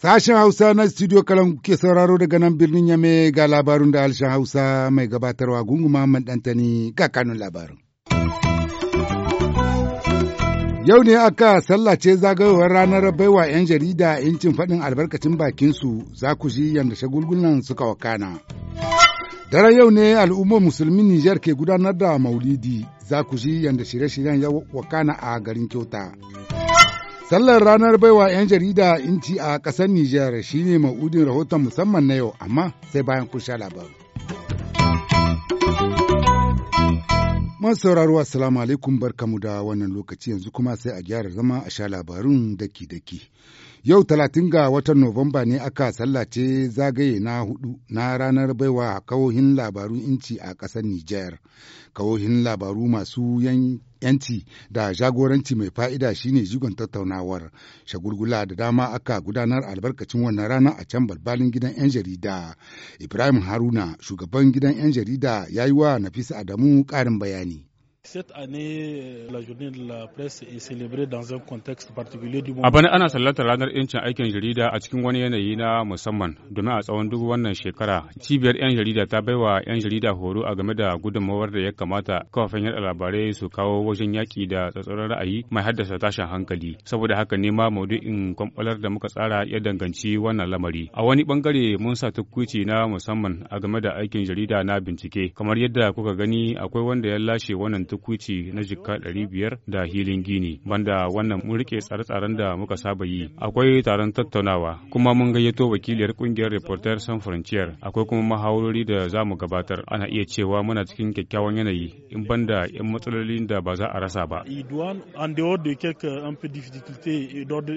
Sashen Hausa na studio Kalangu ke sauraro daga nan birnin Yame ga labarun da harshen Hausa mai gabatarwa gungu Muhammad Dantani ga kanun labarin. Yau ne aka sallace zagayowar ranar baiwa 'yan jarida 'yancin faɗin albarkacin bakinsu za ku ji yadda shagulgulan suka wakana. Daren yau ne al'ummar musulmin Nijar ke gudanar da maulidi za ku ji yadda shirye-shiryen ya wakana a garin kyauta. Sallar ranar baiwa 'yan jarida inci a ƙasar Nijar shi ne maudin rahoton musamman na yau amma sai bayan kun sha labaru. Masu sauraro assalamu alaikum barkamu da wannan lokaci yanzu kuma sai a gyara zama a sha labarun daki-daki. Yau talatin ga watan Nuwamba ne aka sallace zagaye na hudu na ranar baiwa kawohin labarun inci a ƙasar Nijar. Kawohin labaru masu yanki yanci da jagoranci mai fa'ida shine jigon tattaunawar shagulgula da dama aka gudanar albarkacin wannan rana a can balbalin gidan 'yan jarida ibrahim haruna shugaban gidan 'yan jarida ya yi wa nafisa adamu ƙarin bayani A bana ana sallata ranar 'yancin aikin jarida a cikin wani yanayi na musamman domin a tsawon duk wannan shekara cibiyar 'yan jarida ta bai wa 'yan jarida horo a game da gudunmawar da ya kamata kafafen yada labarai su kawo wajen yaƙi da tsatsauran ra'ayi mai haddasa tashin hankali saboda haka ne ma maudu'in kwamfalar da muka tsara ya danganci wannan lamari a wani bangare mun sa tukuci na musamman a game da aikin jarida na bincike kamar yadda kuka gani akwai wanda ya lashe wannan kuci na jikka ɗari biyar da hilin gini banda wannan mun rike tsare-tsaren da muka saba yi akwai taron tattaunawa kuma mun gayyato wakiliyar kungiyar reporter san frontier akwai kuma mahawarori da za mu gabatar ana iya cewa muna cikin kyakkyawan yanayi in banda yan matsalolin da ba za a rasa ba en dehors de quelques un peu difficultés d'ordre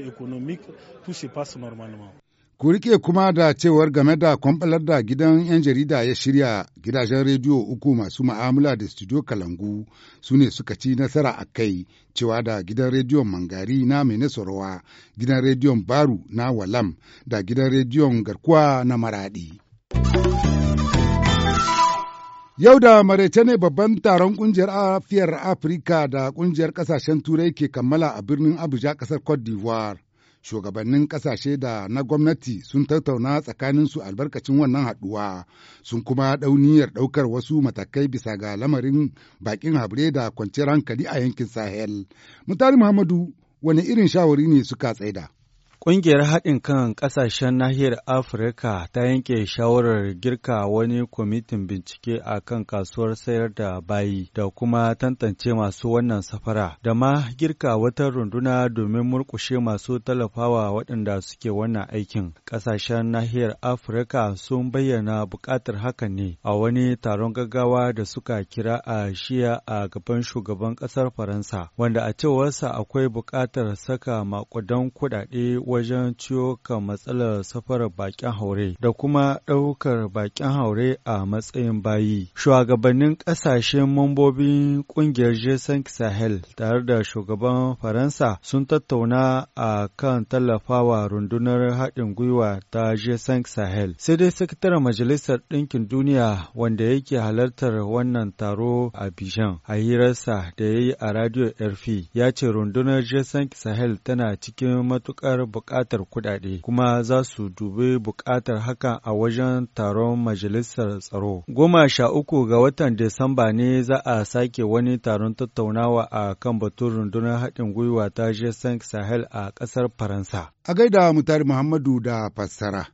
Ku rike kuma da cewar game da kwamfalar da gidan 'yan jarida ya shirya gidajen rediyo uku masu ma'amala da studio Kalangu su ne suka ci nasara a kai cewa da gidan rediyon Mangari na Minesorowa, gidan rediyon Baru na Walam da gidan rediyon Garkuwa na Maradi. Yau da maraice ne babban taron kungiyar afiyar Afirka da kungiyar kasashen Turai ke kammala a birnin Abuja kasar Cote d'Ivoire. shugabannin ƙasashe da na gwamnati sun tattauna tsakaninsu albarkacin wannan haɗuwa sun kuma ɗauniyar ɗaukar wasu matakai bisa ga lamarin baƙin habre da kwanciyar hankali a yankin sahel mutari muhammadu wani irin shawari ne suka tsaida Ƙungiyar haɗin kan ƙasashen nahiyar Afirka ta yanke shawarar girka wani kwamitin bincike a kan kasuwar sayar da bayi da kuma tantance masu wannan safara, da ma girka wata runduna domin murƙushe masu tallafawa waɗanda suke wannan aikin. Ƙasashen nahiyar Afirka sun bayyana buƙatar hakan ne a wani taron gaggawa da suka kira a shiya a gaban shugaban ƙasar Faransa, wanda a cewarsa akwai buƙatar saka maƙudan kuɗaɗe wajen ciyo kan matsalar safarar bakin haure da kuma ɗaukar bakin haure a matsayin bayi. Shugabannin ƙasashen mambobin ƙungiyar Jason Sahel tare da shugaban Faransa sun tattauna a kan tallafawa rundunar haɗin gwiwa ta Jason Sahel. Sai dai sakataren Majalisar Ɗinkin Duniya wanda yake halartar wannan taro a Bijan, a hirarsa da ya yi a Radio RFI ya ce rundunar Jason Sahel tana cikin matuƙar buƙatar kuɗaɗe kuma za su dubi buƙatar haka a wajen taron majalisar tsaro. Goma sha uku ga watan Disamba ne za a sake wani taron tattaunawa a kan batun rundunar haɗin gwiwa ta G5 e Sahel a ƙasar Faransa. A gaida Mutari Muhammadu da fassara.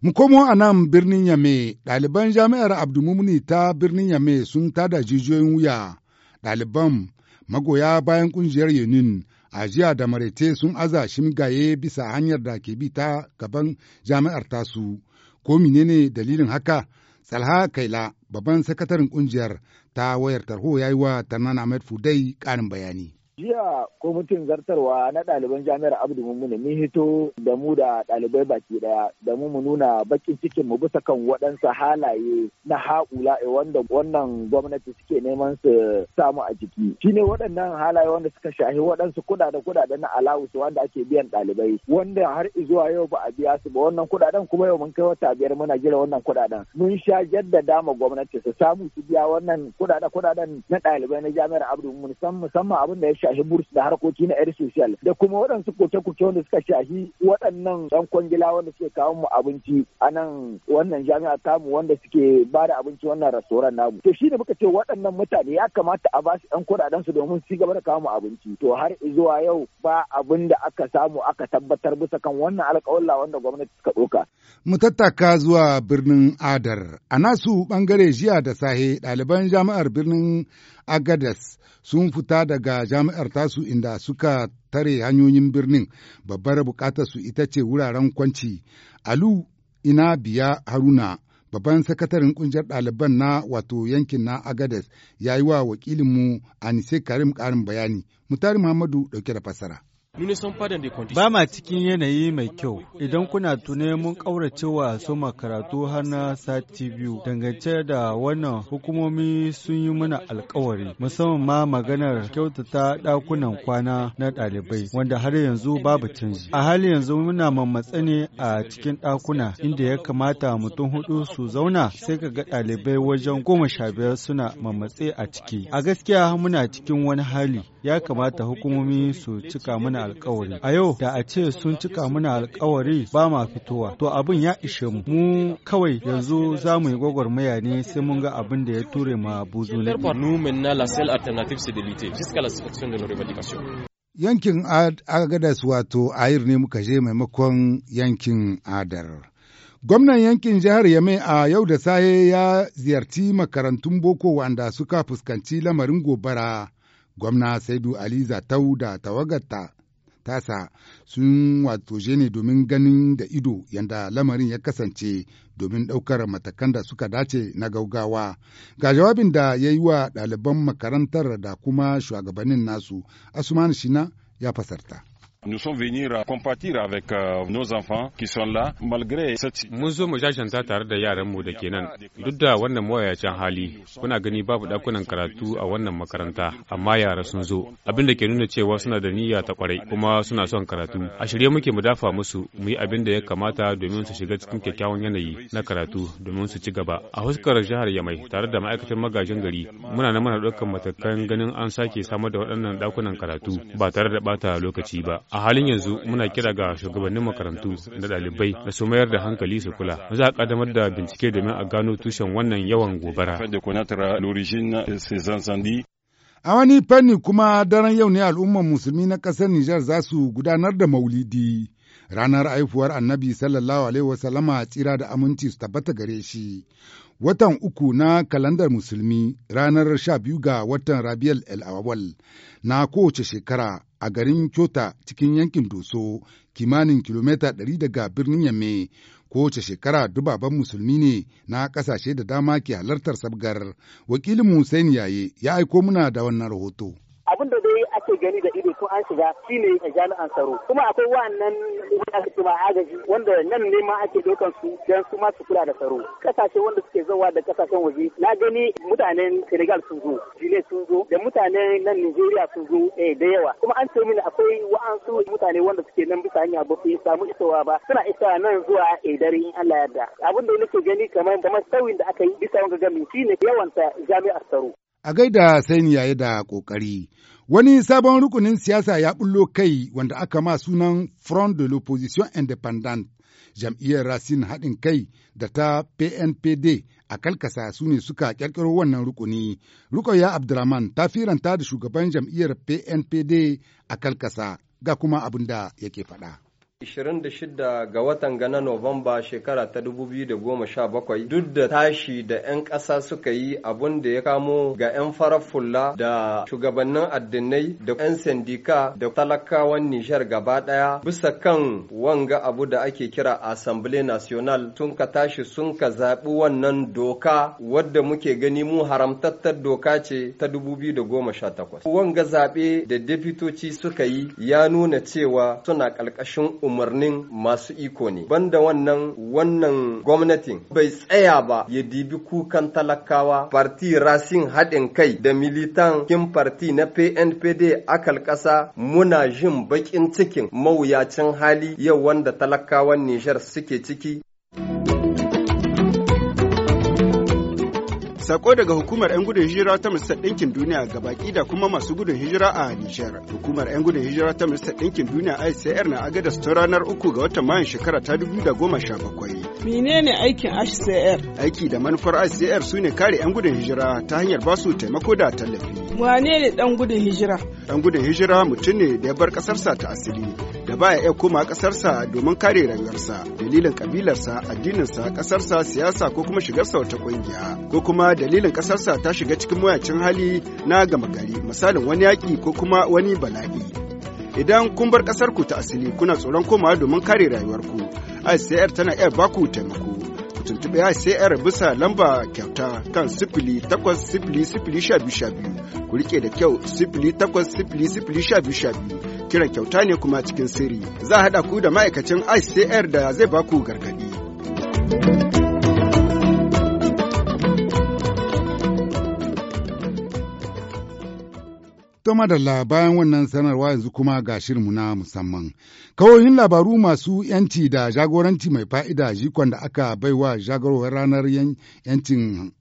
Mu komo a nan birnin Yame, ɗaliban jami'ar Abdulmumuni ta birnin Yame sun tada jijiyoyin wuya. Ɗaliban magoya bayan ƙungiyar Yunin a jiya da maraice sun aza shimgaye bisa hanyar da ke bi ta gaban jami'ar tasu ko menene dalilin haka tsalha kaila babban sakataren kungiyar ta wayar tarho ya yi wa tarnan ahmed fudai karin bayani jiya kwamitin zartarwa na ɗaliban jami'ar abdu mummuni mun hito da mu da ɗalibai baki ɗaya da mu mu nuna bakin cikin mu bisa kan waɗansu halaye na haƙula wanda wannan gwamnati suke neman su samu a jiki shine waɗannan halaye wanda suka shahi waɗansu kuɗaɗen kuɗaɗen na alawus wanda ake biyan ɗalibai wanda har zuwa yau ba a biya su ba wannan kuɗaɗen kuma yau mun kai wata biyar muna gina wannan kuɗaɗen mun sha jaddada ma gwamnati su samu su biya wannan kuɗaɗen kuɗaɗen na ɗalibai na jami'ar abdu musamman abin da ya shahi burs da harkoki na yar social da kuma waɗansu koke-koke wanda suka shahi waɗannan ɗan kwangila wanda suke kawo mu abinci a nan wannan jami'a tamu wanda suke ba da abinci wannan rastoran namu to shi ne muka ce waɗannan mutane ya kamata a ba su ɗan kuɗaɗen su domin su gaba da kawo mu abinci to har zuwa yau ba abin da aka samu aka tabbatar bisa kan wannan alƙawalla wanda gwamnati suka ɗauka. Mu tattaka zuwa birnin Adar a nasu ɓangare jiya da sahe ɗaliban jami'ar birnin Agadas sun fita daga jami'ar tasu inda suka tare hanyoyin birnin babbar bukatar su ita ce wuraren kwanci. Alu ina biya Haruna babban sakataren kungiyar ɗaliban na wato yankin na Agadas ya yi wa wakilinmu Anise Karim ƙarin bayani. Mutari Muhammadu ɗauke da fassara. Ba ma cikin yanayi mai kyau. Idan kuna tune mun ƙauracewa soma karatu har na sati biyu. Dangance da wannan hukumomi sun yi mana alkawari, musamman ma maganar kyautata ɗakunan kwana na ɗalibai, wanda har yanzu babu canji. A hali yanzu muna mammatsa ne a cikin ɗakuna inda ya kamata mutum hudu su zauna sai ka ga ɗalibai wajen goma sha biyar suna mammatse a ciki. A gaskiya muna cikin wani hali. ya kamata hukumomi su cika mana alkawari a yau da a ce sun cika mana alkawari ba ma fitowa to abin ya ishe mu mu kawai yanzu za mu yi maya ne sai mun ga abin da ya ture ma buzu yankin agadas wato ayir ne muka je maimakon yankin adar Gwamnan yankin jihar Yame a yau da saye ya ziyarci makarantun boko wanda suka fuskanci lamarin gobara Gwamna Saidu aliza Zatau da tawagarta tasa sun wato ne domin ganin da ido yadda lamarin ya kasance domin ɗaukar matakan da suka dace na gaugawa. Ga jawabin da ya yi wa ɗaliban makarantar da kuma shugabannin nasu, Asuman Shina ya fasarta. Nous sommes venus à compatir avec euh, nos enfants qui sont là malgré cette Mun zo mu jajanta tare da yaran mu da kenan duk da wannan mawayacin hali kuna gani babu dakunan karatu a wannan makaranta amma yara sun zo abin da ke nuna cewa suna da niyya ta kwarai kuma suna son karatu a shirye muke mu dafa musu mu yi abin da ya kamata domin su shiga cikin kyakkyawan yanayi na karatu domin su ci gaba a huskar jihar Yamai tare da ma'aikatan magajin gari muna nan muna ɗaukar matakan ganin an sake samar da waɗannan dakunan karatu ba tare da bata lokaci ba a halin yanzu muna kira ga shugabannin makarantu da ɗalibai da su mayar da hankali su kula za a ƙaddamar da bincike domin a gano tushen wannan yawan gobara A wani fanni kuma daren yau ne al'ummar musulmi na kasar Nijar za su gudanar da maulidi. Ranar haifuwar annabi sallallahu Alaihi wasallama tsira da aminci su tabbata gare shi. Watan uku na kalandar musulmi ranar sha biyu ga watan Rabiul el Awwal na kowace shekara a garin Kyota cikin yankin Doso kimanin kilomita 100 daga birnin Yamme kowace shekara dubaban musulmi ne na ƙasashe da dama ke halartar sabgar wakilin Hussein Yaye ya aiko muna da wannan rahoto. hanyoyi ake gani da ido ko an shiga shine jami'an tsaro kuma akwai wa'annan aka ce agaji wanda nan ne ma ake dokan su dan su ma su kula da tsaro kasashe wanda suke zawa da kasashen waje na gani mutanen Senegal sun zo Gine sun zo da mutanen nan Nigeria sun zo eh da yawa kuma an ce mini akwai wa'ansu mutane wanda suke nan bisa hanya ba su samu isowa ba suna isa nan zuwa eh dare in Allah yarda abin da nake gani kamar kamar sauyin da aka yi bisa wanga gami shine yawan ta jami'ar tsaro a gaida sai yayi da kokari Wani sabon rukunin siyasa ya bullo kai wanda aka ma sunan Front de l'Opposition Independent, jam'iyyar Racine haɗin kai da ta PNPD a kalkasa su ne suka ƙirƙiro wannan rukuni. rukoya abdulrahman ta firanta da shugaban jam'iyyar PNPD a kalkasa ga kuma abin yake faɗa. 26 ga watan gana Nuwamba shekara ta 2017 duk da tashi da 'yan ƙasa suka yi abun da ya kamo ga 'yan farar fulla da shugabannin addinai da 'yan sandika da talakawan Nijar gaba ɗaya bisa kan wanga abu da ake kira Assembly National sun ka tashi sun ka zaɓi wannan doka wadda muke gani mu haramtattar doka ce ta 2018. Wanga zaɓe da deputoci suka yi ya nuna cewa suna ƙarƙashin umarnin masu iko ne banda wannan wannan gwamnatin bai tsaya ba ya dibi kukan talakawa parti rasin haɗin kai da militan kin parti na pnpd akal ƙasa muna jin baƙin cikin mawuyacin hali yau wanda talakawan nijar suke ciki Sako daga hukumar 'yan gudun hijira ta Majalisar Ɗinkin Duniya ga baki da kuma masu gudun hijira a Nijar. Hukumar 'yan gudun hijira ta Majalisar Ɗinkin Duniya ICR na agadas ta ranar uku ga watan Mayun shekara ta dubu da goma sha bakwai. Menene aikin ICR? Aiki da manufar ICR su ne kare 'yan gudun hijira ta hanyar basu taimako da tallafi. Wane ne dan gudun hijira? Dan gudun hijira mutum ne da ya bar ƙasarsa ta asiri da baya iya koma kasarsa domin kare rayuwarsa, dalilin kabilarsa, addininsa, kasarsa siyasa ko kuma shigarsa wata ƙungiya, ko kuma dalilin kasarsa ta shiga cikin mayacin hali na gama gari, misalin wani yaƙi ko kuma wani bala'i. idan kun bar ƙasarku ta asili kuna tsoron komawa domin kare rayuwarku ICR tana iya baku taimako tuntuɓe ICR bisa lamba kyauta kan sifili takwas sifili sifili sha biyu sha biyu ku riƙe da kyau sifili takwas sifili sifili sha biyu sha biyu kiran kyauta ne kuma cikin sirri za a haɗa ku da ma'aikacin ICR da zai baku gargaɗi. To madalla bayan wannan sanarwa yanzu kuma ga shirinmu na musamman. Kawoyin labaru masu yanci da jagoranci mai fa'ida jikon da aka baiwa jagorowar ranar yancin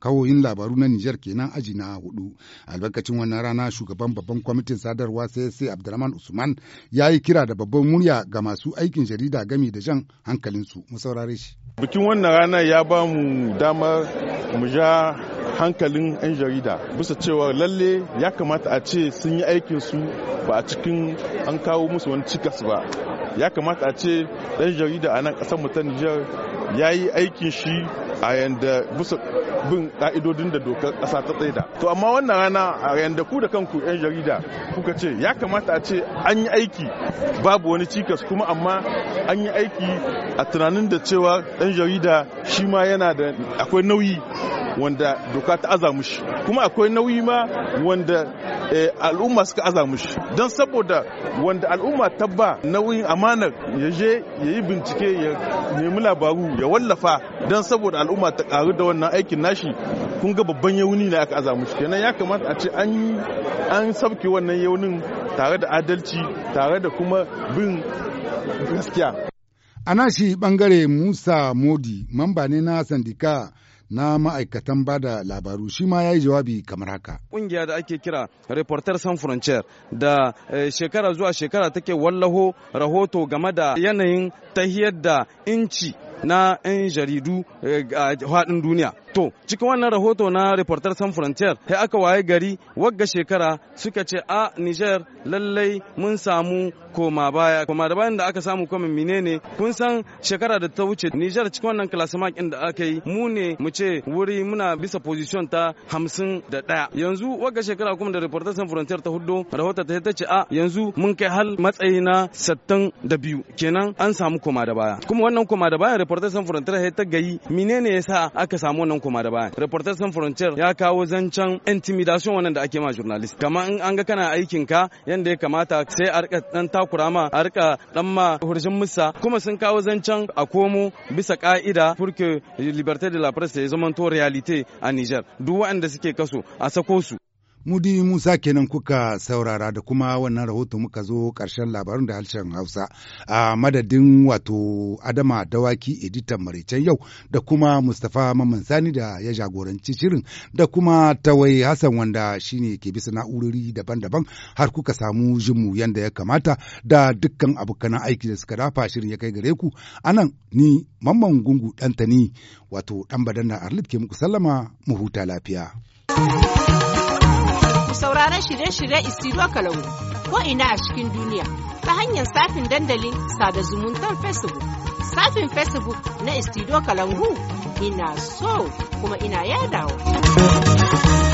kawoyin labaru na Nijar kenan aji na hudu. Albarkacin wannan rana shugaban babban kwamitin sadarwa sai Abdulrahman Usman ya yi kira da babban murya ga masu aikin jarida gami da jan hankalinsu. Mu saurare shi. Bikin wannan rana ya ba mu damar mu ja hankalin 'yan jarida bisa cewa lalle ya kamata a ce sun yi aikin su ba a cikin an kawo musu wani cikas ba ya kamata a ce ɗan jarida a nan ƙasar mu ta Nijar ya yi aikin shi a yanda busa bin ƙa'idodin da dokar ƙasa ta tsaida to amma wannan rana a yanda ku da kanku 'yan jarida kuka ce ya kamata a ce an yi aiki babu wani cikas kuma amma an yi aiki a tunanin da cewa ɗan jarida shi ma yana da akwai nauyi wanda doka ta aza kuma akwai nauyi ma wanda eh, al'umma suka aza mushi don saboda wanda al'umma ta ba nauyin amanar ya je ya yi bincike ya nemi labaru ya wallafa don saboda al'umma ta karu da wannan aikin nashi kun ga babban yauni ne aka aza mushi kenan ya kamata a ce an an sabke wannan yaunin tare da adalci tare da kuma bin gaskiya a nashi bangare musa modi mamba ne na sandika na ma'aikatan ba da labaru shi ma ya yi jawabi kamar haka. Ƙungiya da ake kira Reporter San Frontier da eh, shekara zuwa shekara take wallaho rahoto game da yanayin tahiyar da inci na 'yan jaridu eh, a faɗin duniya. to cikin wannan rahoto na reporter san frontier sai aka waye gari wagga shekara suka ce a niger lallai mun samu koma baya koma da bayan da aka samu kuma menene kun san shekara da ta wuce niger cikin wannan classement din da aka yi mu ne mu ce wuri muna bisa position ta 51 yanzu wagga shekara kuma da reporter san frontier ta hudu rahoton ta ta ce a yanzu mun kai hal matsayi na 62 kenan an samu koma da baya kuma wannan koma da baya reporter san frontier ta gayi menene yasa aka samu wannan koma da baya reporter sans frontier ya kawo zancen intimidation wannan da ake ma journalist kamar in an ga kana aikin ka yanda ya kamata sai a rika dan takura ma a rika dan ma hurshin musa kuma sun kawo zancen a komo bisa ka'ida furke liberté de la presse ya zama to a Niger duk waɗanda suke kaso a sako su Mudi Musa kenan kuka saurara da kuma wannan rahoto muka zo ƙarshen labarin da harshen Hausa a madadin wato Adama Dawaki editan Maraicen yau da kuma Mustapha Mamman Sani da ya jagoranci shirin da kuma Tawai Hassan wanda shine ke bisa na'urori daban-daban har kuka samu jinmu yanda ya kamata da dukkan abokan aiki da suka dafa shirin ya kai gare ku anan ni Mamman Gungu ni, wato ɗan badanna Arlit ke muku sallama mu huta lafiya. ku sauraron shirye-shirye Isiruwa Kalangu ko ina a cikin duniya ta hanyar safin dandalin sada zumuntar Facebook. Safin Facebook na Isiruwa Kalangu ina so kuma ina yadawa.